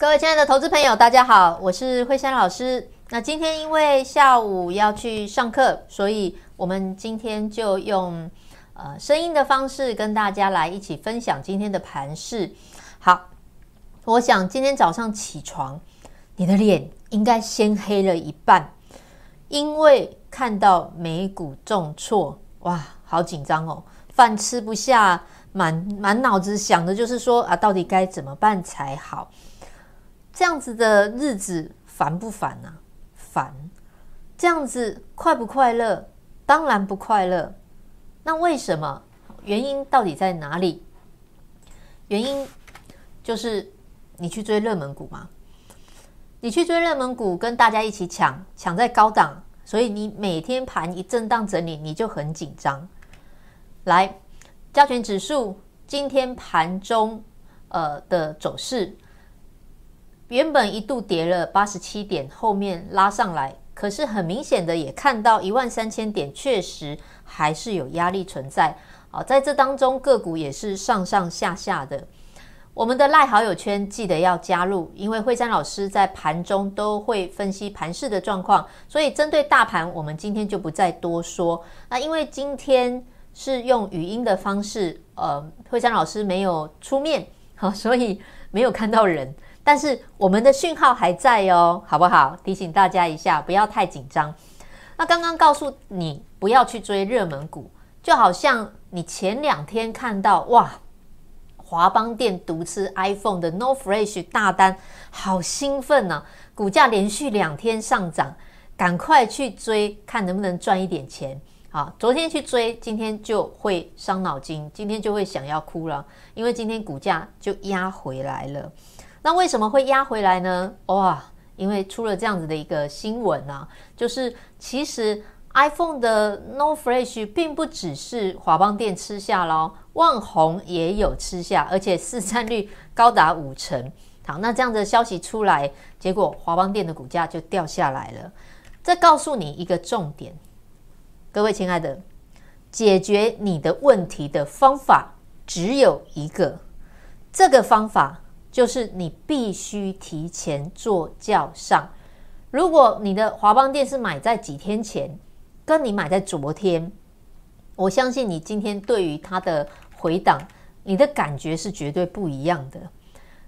各位親愛的投資朋友，大家好，我是惠珊老師。那今天因為下午要去上課，所以我們今天就用呃聲音的方式跟大家來一起分享今天的盤勢。好，我想今天早上起床，你的臉應該先黑了一半，因為看到美股重挫，哇，好緊張哦，飯吃不下，滿滿腦子想的就是說啊，到底該怎麼辦才好？這樣子的日子煩不煩呢、啊？煩。這樣子快不快樂？當然不快樂。那為什麼？原因到底在哪裡？原因就是你去追熱門股嗎？你去追熱門股，跟大家一起搶，搶在高檔，所以你每天盤一震盪整理，你就很緊張。來，加權指數今天盤中呃的走勢。原本一度跌了八十七點，後面拉上來，可是很明顯的也看到一萬三千點確實還是有壓力存在。好、哦，在這當中個股也是上上下下的。我們的賴好友圈記得要加入，因為惠珊老師在盤中都會分析盤勢的狀況，所以針對大盤，我們今天就不再多說。那因為今天是用語音的方式，呃，惠珊老師沒有出面，好、哦，所以沒有看到人。但是我們的訊號還在哦，好不好？提醒大家一下，不要太緊張。那剛剛告訴你不要去追熱門股，就好像你前兩天看到哇，華邦電獨吃 iPhone 的 NOR Flash 大單，好興奮呢、啊，股價連續兩天上漲，趕快去追，看能不能賺一點錢，好、啊，昨天去追，今天就會傷腦筋，今天就會想要哭了，因為今天股價就壓回來了。那為什麼會壓回來呢？哇、oh, 啊，因為出了這樣子的一個新聞啊，就是其實 iPhone 的 No Flash 並不只是華邦電吃下咯，旺宏也有吃下，而且市占率高達五成。好，那這樣的消息出來，結果華邦電的股價就掉下來了。這告訴你一個重點，各位親愛的，解決你的問題的方法只有一個，這個方法。就是你必須提前坐轎上。如果你的華邦電是買在幾天前，跟你買在昨天，我相信你今天對於它的回檔，你的感覺是絕對不一樣的。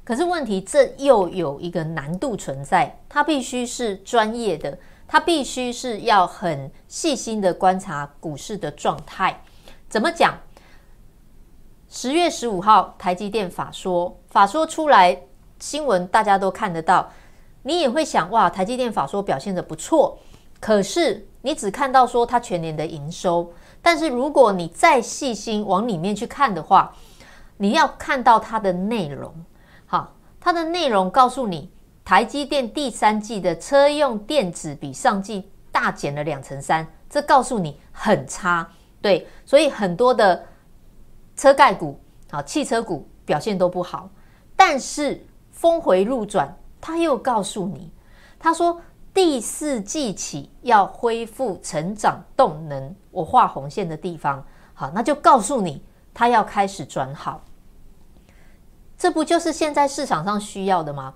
可是問題，這又有一個難度存在，它必須是專業的，它必須是要很細心的觀察股市的狀態。怎麼講？十月十五號，台積電法說法說出來，新聞大家都看得到。你也會想，哇，台積電法說表現得不錯。可是你只看到說它全年的營收，但是如果你再細心往裡面去看的話，你要看到它的內容。好，它的內容告訴你，台積電第三季的車用電子比上季大減了兩成三，這告訴你很差。對，所以很多的。車概股、啊，汽車股表現都不好，但是峰迴路轉，他又告訴你，他說第四季起要恢復成長動能。我畫紅線的地方，好，那就告訴你，他要開始轉好。這不就是現在市場上需要的嗎？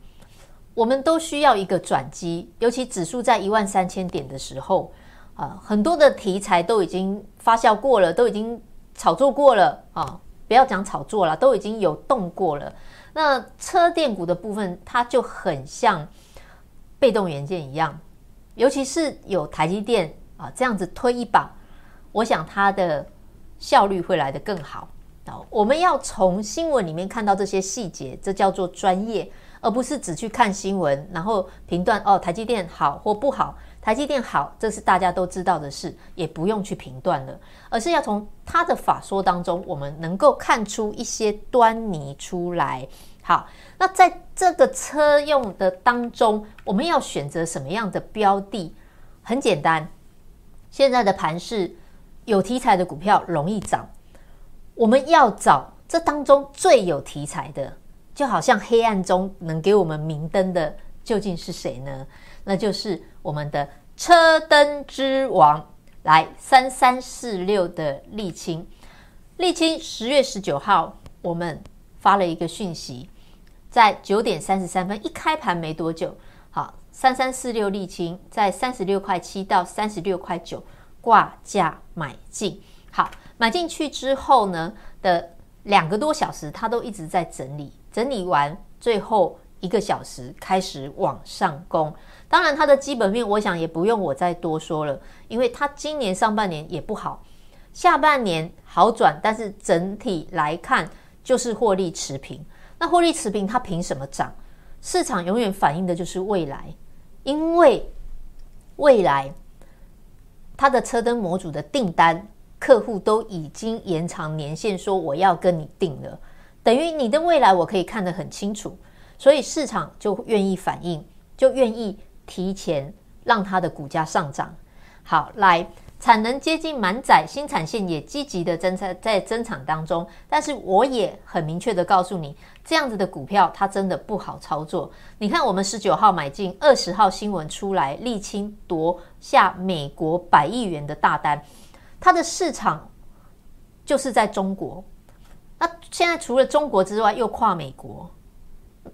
我們都需要一個轉機，尤其指數在一萬三千點的時候，啊、呃，很多的題材都已經發酵過了，都已經。炒作過了啊，哦，不要講炒作了，都已經有動過了。那車電股的部分，它就很像被動元件一樣，尤其是有台積電啊，哦，這樣子推一把，我想它的效率會來得更好。好，哦，我們要從新聞裡面看到這些細節，這叫做專業，而不是只去看新聞，然後評斷哦台積電好或不好。台積電好，這是大家都知道的事，也不用去評斷了，而是要從他的法說當中，我們能夠看出一些端倪出來。好，那在這個車用的當中，我們要選擇什麼樣的標的？很簡單，現在的盤是有題材的股票容易漲，我們要找這當中最有題材的，就好像黑暗中能給我們明燈的，究竟是誰呢？那就是我們的車燈之王，來三三四六的麗清。麗清十月十九號我們發了一個訊息，在九點三十三分一開盤沒多久，好，三三四六麗清在三十六塊七到三十六塊九掛價買進。好，買進去之後呢的兩個多小時，它都一直在整理，整理完最後，一個小時開始往上攻，當然它的基本面，我想也不用我再多說了，因為它今年上半年也不好，下半年好轉，但是整體來看就是獲利持平。那獲利持平，它憑什麼漲？市場永遠反映的就是未來，因為未來它的車燈模組的訂單，客戶都已經延長年限，說我要跟你訂了，等於你的未來我可以看得很清楚。所以市場就願意反應，就願意提前讓它的股價上漲。好，來，產能接近滿載，新產線也積極的增產，在增產當中。但是我也很明確的告訴你，這樣子的股票它真的不好操作。你看，我們十九號買進，二十號新聞出來，麗清奪下美國百億元的大單，它的市場就是在中國。那現在除了中國之外，又跨美國。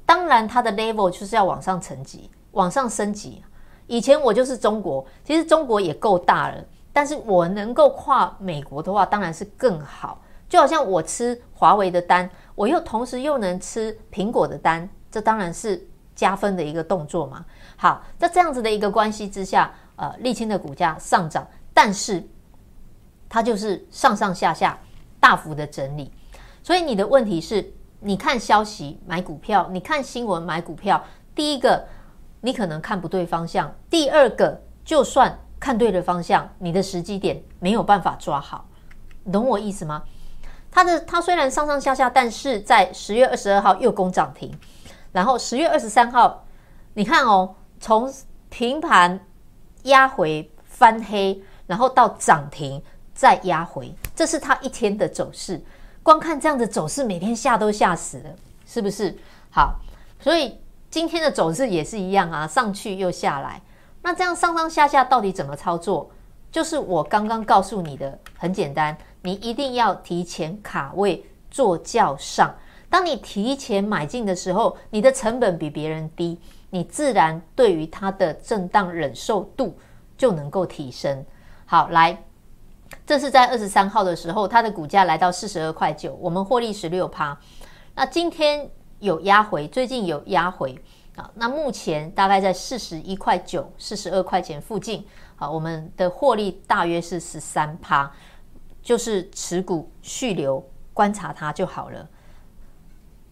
當然，它的 level 就是要往上層級、往上升級。以前我就是中國，其實中國也夠大了，但是我能夠跨美國的話，當然是更好。就好像我吃華為的單，我又同時又能吃蘋果的單，這當然是加分的一個動作嘛。好，在這樣子的一個關係之下，呃，麗清的股價上漲，但是它就是上上下下大幅的整理。所以你的問題是？你看消息買股票，你看新聞買股票。第一個，你可能看不對方向；第二個，就算看對了方向，你的時機點沒有辦法抓好，懂我意思嗎？它的它雖然上上下下，但是在十月二十二號又攻漲停，然後十月二十三號，你看哦，從平盤壓回翻黑，然後到漲停再壓回，這是它一天的走勢。光看這樣的走勢，每天嚇都嚇死了，是不是？好，所以今天的走勢也是一樣啊，上去又下來。那這樣上上下下到底怎麼操作？就是我剛剛告訴你的，很簡單，你一定要提前卡位坐轎上。當你提前買進的時候，你的成本比別人低，你自然對於它的震盪忍受度就能夠提升。好，來。這是在二十三號的時候，它的股價來到四十二塊九，我們獲利十六趴。那今天有壓回，最近有壓回啊。那目前大概在四十一塊九、四十二塊錢附近。啊。好，我們的獲利大約是十三趴，就是持股續留，觀察它就好了。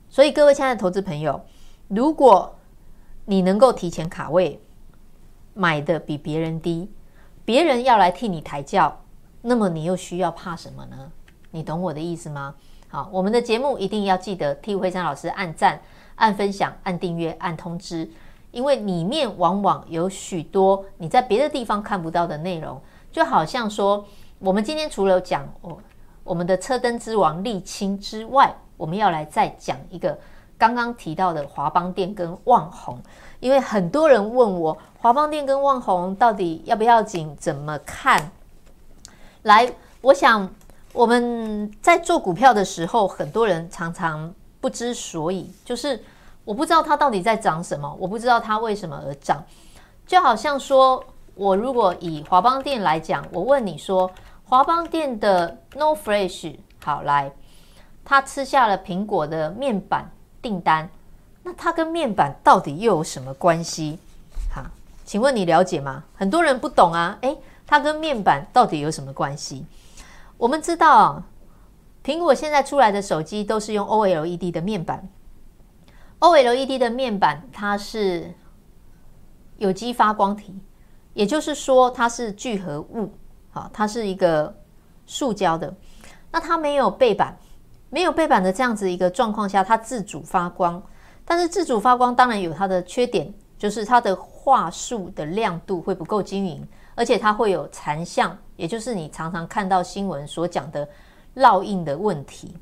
所以各位親愛的投資朋友，如果你能夠提前卡位，買的比別人低，別人要來替你抬轎。那麼你又需要怕什麼呢？你懂我的意思嗎？好，我們的節目一定要記得替惠珊老師按讚、按分享、按訂閱、按通知，因為裡面往往有許多你在別的地方看不到的內容。就好像說，我們今天除了講我、哦、我們的車燈之王麗清之外，我們要來再講一個剛剛提到的華邦電跟旺宏。因為很多人問我華邦電跟旺宏到底要不要緊，怎麼看？來，我想我們在做股票的時候，很多人常常不知所以，就是我不知道它到底在漲什麼，我不知道它為什麼而漲。就好像說，我如果以華邦電來講，我問你說，華邦電的 NOR Flash 好，來，它吃下了蘋果的面板訂單，那它跟面板到底又有什麼關係？哈，請問你了解嗎？很多人不懂啊，誒。它跟面板到底有什麼關係？我們知道啊，蘋果現在出來的手機都是用 OLED 的面板。OLED 的面板它是有機發光體，也就是說它是聚合物，啊，它是一個塑膠的。那它沒有背板，沒有背板的這樣子一個狀況下，它自主發光。但是自主發光當然有它的缺點，就是它的畫素的亮度會不夠均勻。而且它會有殘像，也就是你常常看到新聞所講的烙印的問題，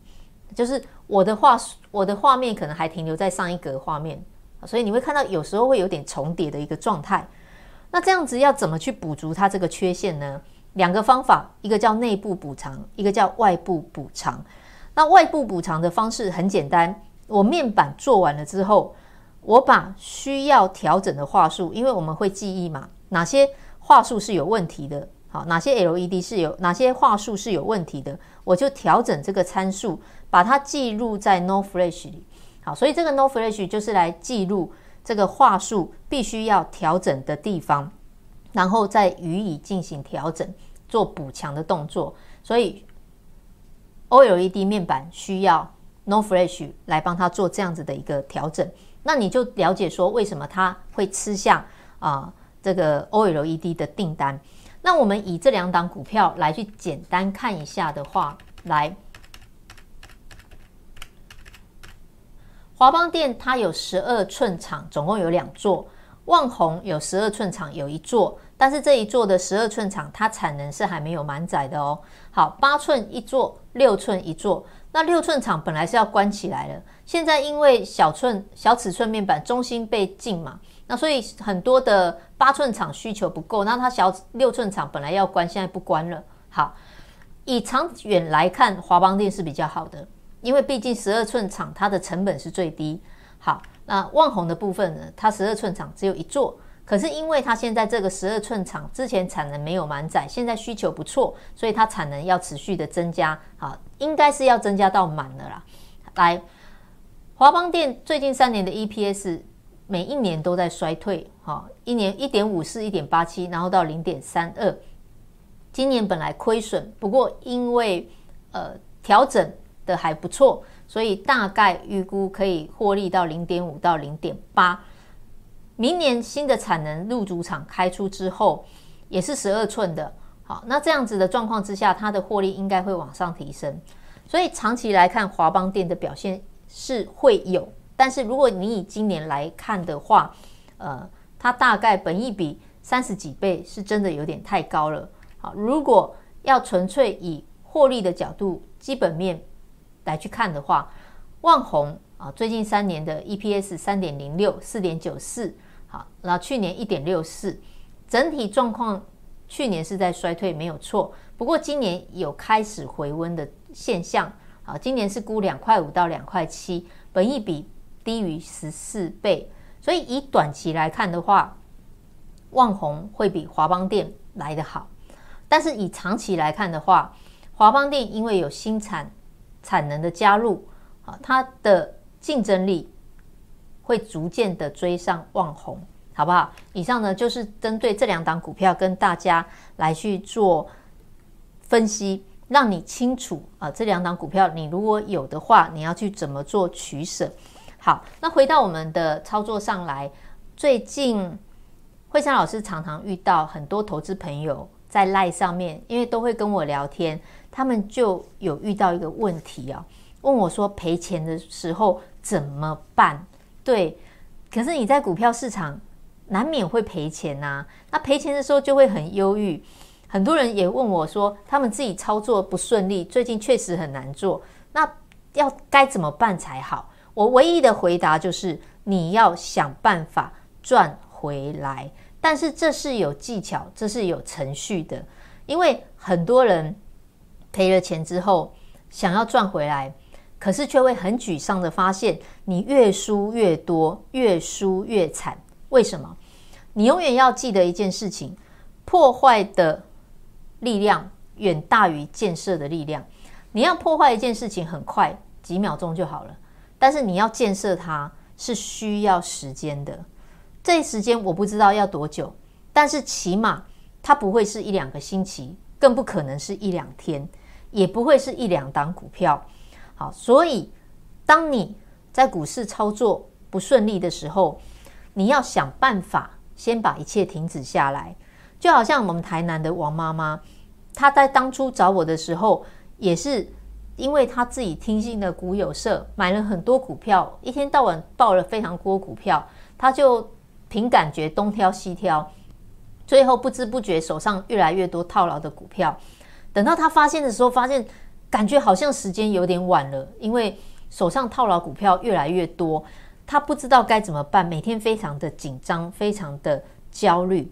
就是我的話我的畫面可能還停留在上一格畫面，所以你會看到有時候會有點重疊的一個狀態。那這樣子要怎麼去補足它這個缺陷呢？兩個方法，一個叫內部補償，一個叫外部補償。那外部補償的方式很簡單，我面板做完了之後，我把需要調整的話術，因為我們會記憶嘛，哪些。話術是有問題的，好，哪些 LED 是有哪些話術是有問題的，我就調整這個參數，把它記錄在 No f r e s h 裡，好，所以這個 No f r e s h 就是來記錄這個話術必須要調整的地方，然後再予以進行調整，做補強的動作。所以 OLED 面板需要 No f r e s h 來幫他做這樣子的一個調整，那你就了解說為什麼他會吃下啊。呃這個 OLED 的訂單，那我們以這兩檔股票來去簡單看一下的話，來華邦電它有十二寸廠，總共有兩座，旺宏有十二寸廠有一座，但是這一座的十二寸廠它產能是還沒有滿載的哦。好，八寸一座，六寸一座。那六寸廠本來是要關起來了，現在因為小寸小尺寸面板中心被禁嘛，那所以很多的八寸廠需求不夠，那它小六寸廠本來要關，現在不關了。好，以長遠來看，華邦電是比較好的，因為畢竟十二寸廠它的成本是最低。好，那旺宏的部分呢，它十二寸廠只有一座，可是因為它現在這個十二寸廠之前產能沒有滿載，現在需求不錯，所以它產能要持續的增加。好。應該是要增加到滿的啦。來，華邦電最近三年的 EPS 每一年都在衰退，哈，一年一點五四、一點八七，然後到零點三二。今年本來虧損，不過因為呃調整的還不錯，所以大概預估可以獲利到零點五到零點八。明年新的產能路竹廠開出之後，也是十二寸的。好，那這樣子的狀況之下，它的獲利應該會往上提升，所以長期來看，華邦電的表現是會有。但是如果你以今年來看的話，呃，它大概本益比三十幾倍是真的有點太高了。好，如果要純粹以獲利的角度、基本面來去看的話，旺宏啊，最近三年的 EPS 三點零六、四點九四，好，然後去年一點六四，整體狀況。去年是在衰退，沒有錯。不過今年有開始回溫的現象啊。今年是估兩塊五到兩塊七，本益比低於十四倍，所以以短期來看的話，旺宏會比華邦電來得好。但是以長期來看的話，華邦電因為有新產產能的加入啊，它的競爭力會逐漸的追上旺宏。好不好？以上呢，就是針對這兩檔股票跟大家來去做分析，讓你清楚啊、呃，這兩檔股票你如果有的話，你要去怎麼做取捨？好，那回到我們的操作上來，最近惠珊老師常常遇到很多投資朋友在賴上面，因為都會跟我聊天，他們就有遇到一個問題啊、哦，問我說賠錢的時候怎麼辦？對，可是你在股票市場。難免會賠錢吶。那賠錢的時候就會很憂鬱。很多人也問我說：“他們自己操作不順利，最近確實很難做，那要該怎麼辦才好？”我唯一的回答就是：你要想辦法賺回來。但是這是有技巧，這是有程序的。因為很多人賠了錢之後，想要賺回來，可是卻會很沮喪的發現，你越輸越多，越輸越慘。為什麼？你永遠要記得一件事情：破壞的力量遠大於建設的力量。你要破壞一件事情，很快，幾秒鐘就好了；但是你要建設它，是需要時間的。這時間我不知道要多久，但是起碼它不會是一兩個星期，更不可能是一兩天，也不會是一兩檔股票。好，所以當你在股市操作不順利的時候，你要想辦法先把一切停止下來，就好像我們台南的王媽媽，她在當初找我的時候，也是因為她自己聽信了股友社，買了很多股票，一天到晚報了非常多股票，她就憑感覺東挑西挑，最後不知不覺手上越來越多套牢的股票，等到她發現的時候，發現感覺好像時間有點晚了，因為手上套牢股票越來越多。他不知道該怎麼辦，每天非常的緊張，非常的焦慮。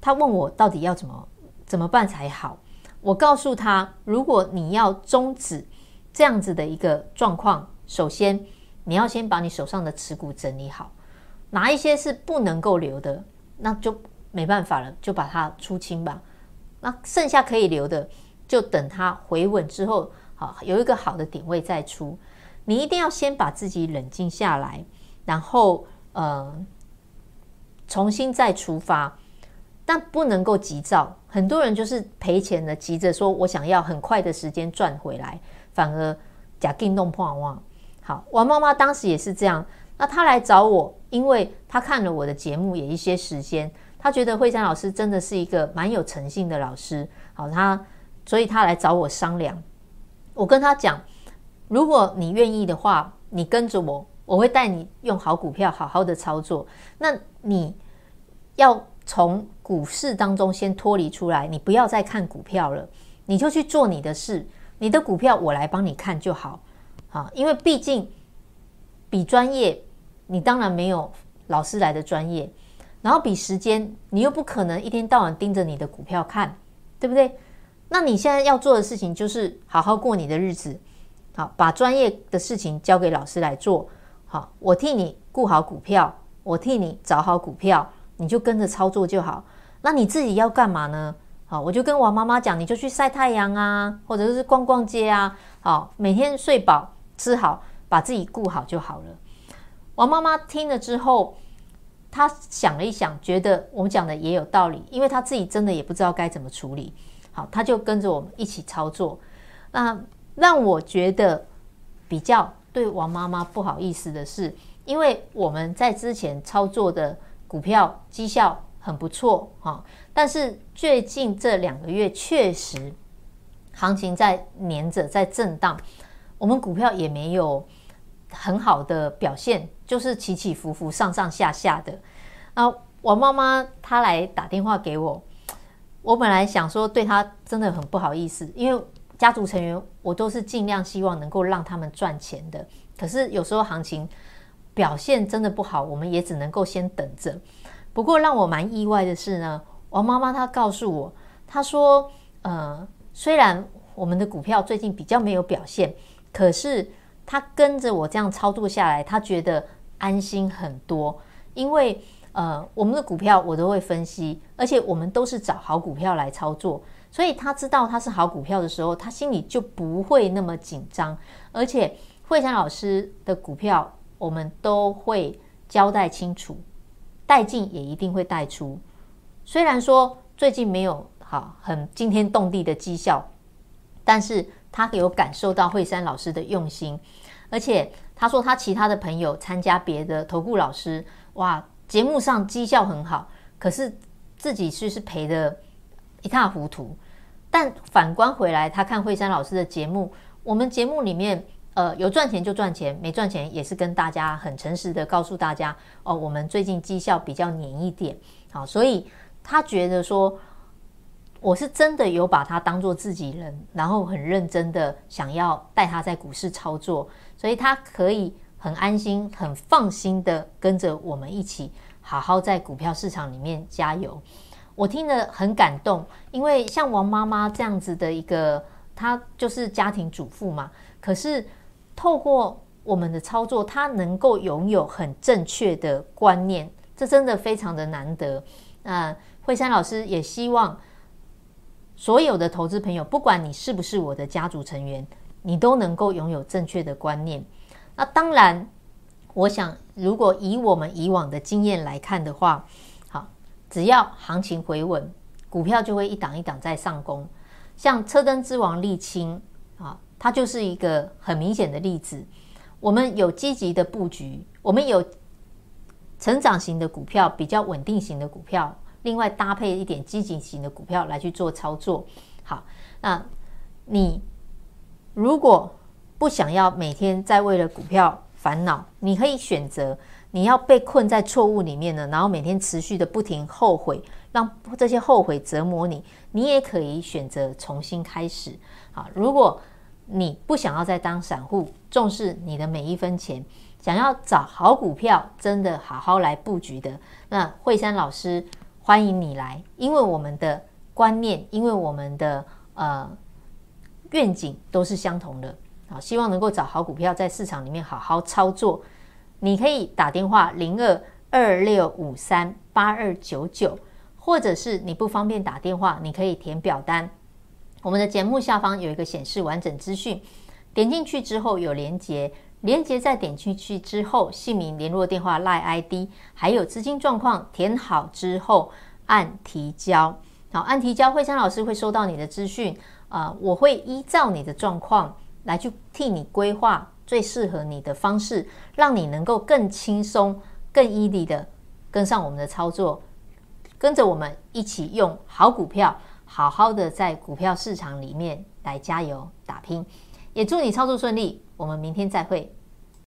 他問我到底要怎麼怎麼辦才好？我告訴他，如果你要終止這樣子的一個狀況，首先你要先把你手上的持股整理好，哪一些是不能夠留的，那就沒辦法了，就把它出清吧。那剩下可以留的，就等它回穩之後，好有一個好的點位再出。你一定要先把自己冷靜下來，然後呃重新再出發，但不能夠急躁。很多人就是賠錢的，急着說我想要很快的時間賺回來，反而假激弄破。妄。好，我媽媽當時也是這樣。那她來找我，因為她看了我的節目也一些時間，她覺得惠珊老師真的是一個蠻有誠信的老師。好，她所以她來找我商量，我跟她講。如果你願意的話，你跟着我，我會帶你用好股票，好好的操作。那你要從股市當中先脫離出來，你不要再看股票了，你就去做你的事，你的股票我來幫你看就好啊。因為畢竟比專業，你當然沒有老師來的專業，然後比時間，你又不可能一天到晚盯着你的股票看，對不對？那你現在要做的事情就是好好過你的日子。好，把專業的事情交給老師來做。好，我替你顧好股票，我替你找好股票，你就跟着操作就好。那你自己要幹嘛呢？好，我就跟王媽媽講，你就去曬太陽啊，或者是逛逛街啊。好，每天睡飽，吃好，把自己顧好就好了。王媽媽聽了之後，她想了一想，覺得我們講的也有道理，因為她自己真的也不知道該怎麼處理。好，她就跟着我們一起操作。那。讓我覺得比較對王媽媽不好意思的是，因為我們在之前操作的股票績效很不錯哈，但是最近這兩個月確實行情在黏著、在震盪，我們股票也沒有很好的表現，就是起起伏伏上上下下的。那王媽媽她來打電話給我，我本來想說對她真的很不好意思，因為。家族成員，我都是盡量希望能夠讓他們賺錢的。可是有時候行情表現真的不好，我們也只能夠先等着。不過讓我蠻意外的是呢，王媽媽她告訴我，她說：“呃，雖然我們的股票最近比較沒有表現，可是她跟着我這樣操作下來，她覺得安心很多。因為呃，我們的股票我都會分析，而且我們都是找好股票來操作。”所以他知道他是好股票的時候，他心裡就不會那麼緊張。而且惠珊老師的股票，我們都會交代清楚，帶進也一定會帶出。雖然說最近沒有好很驚天動地的績效，但是他有感受到惠珊老師的用心。而且他說他其他的朋友參加別的投顧老師，哇，節目上績效很好，可是自己卻是賠得一塌糊塗。但反觀回來，他看惠珊老師的節目，我們節目裡面，呃，有賺錢就賺錢，沒賺錢也是跟大家很誠實的告訴大家，哦，我們最近績效比較黏一點，好、哦，所以他覺得說，我是真的有把他當做自己人，然後很認真的想要帶他在股市操作，所以他可以很安心、很放心的跟着我們一起，好好在股票市場裡面加油。我聽得很感動，因為像王媽媽這樣子的一個，她就是家庭主婦嘛。可是透過我們的操作，她能夠擁有很正確的觀念，這真的非常的難得。那、呃、惠珊老師也希望所有的投資朋友，不管你是不是我的家族成員，你都能夠擁有正確的觀念。那當然，我想如果以我們以往的經驗來看的話。只要行情回穩，股票就會一檔一檔在上攻。像車燈之王麗清啊，它就是一個很明顯的例子。我們有積極的布局，我們有成長型的股票，比較穩定型的股票，另外搭配一點積極型的股票來去做操作。好，那你如果不想要每天在為了股票煩惱，你可以選擇。你要被困在錯誤裡面呢，然後每天持續的不停後悔，讓這些後悔折磨你，你也可以選擇重新開始。好，如果你不想要再當散戶，重視你的每一分錢，想要找好股票，真的好好來布局的，那惠珊老師歡迎你來，因為我們的觀念，因為我們的呃願景都是相同的，好，希望能夠找好股票，在市場裡面好好操作。你可以打電話零二二六五三八二九九，或者是你不方便打電話，你可以填表單。我們的節目下方有一個顯示完整資訊，點進去之後有連結，連結再點進去之後，姓名、聯絡電話、LINE ID，還有資金狀況，填好之後按提交。好，按提交，惠珊老師會收到你的資訊，啊，我會依照你的狀況來去替你規劃。最適合你的方式，讓你能夠更輕鬆、更 easy 的跟上我們的操作，跟着我們一起用好股票，好好的在股票市場裡面來加油打拼。也祝你操作順利，我們明天再會。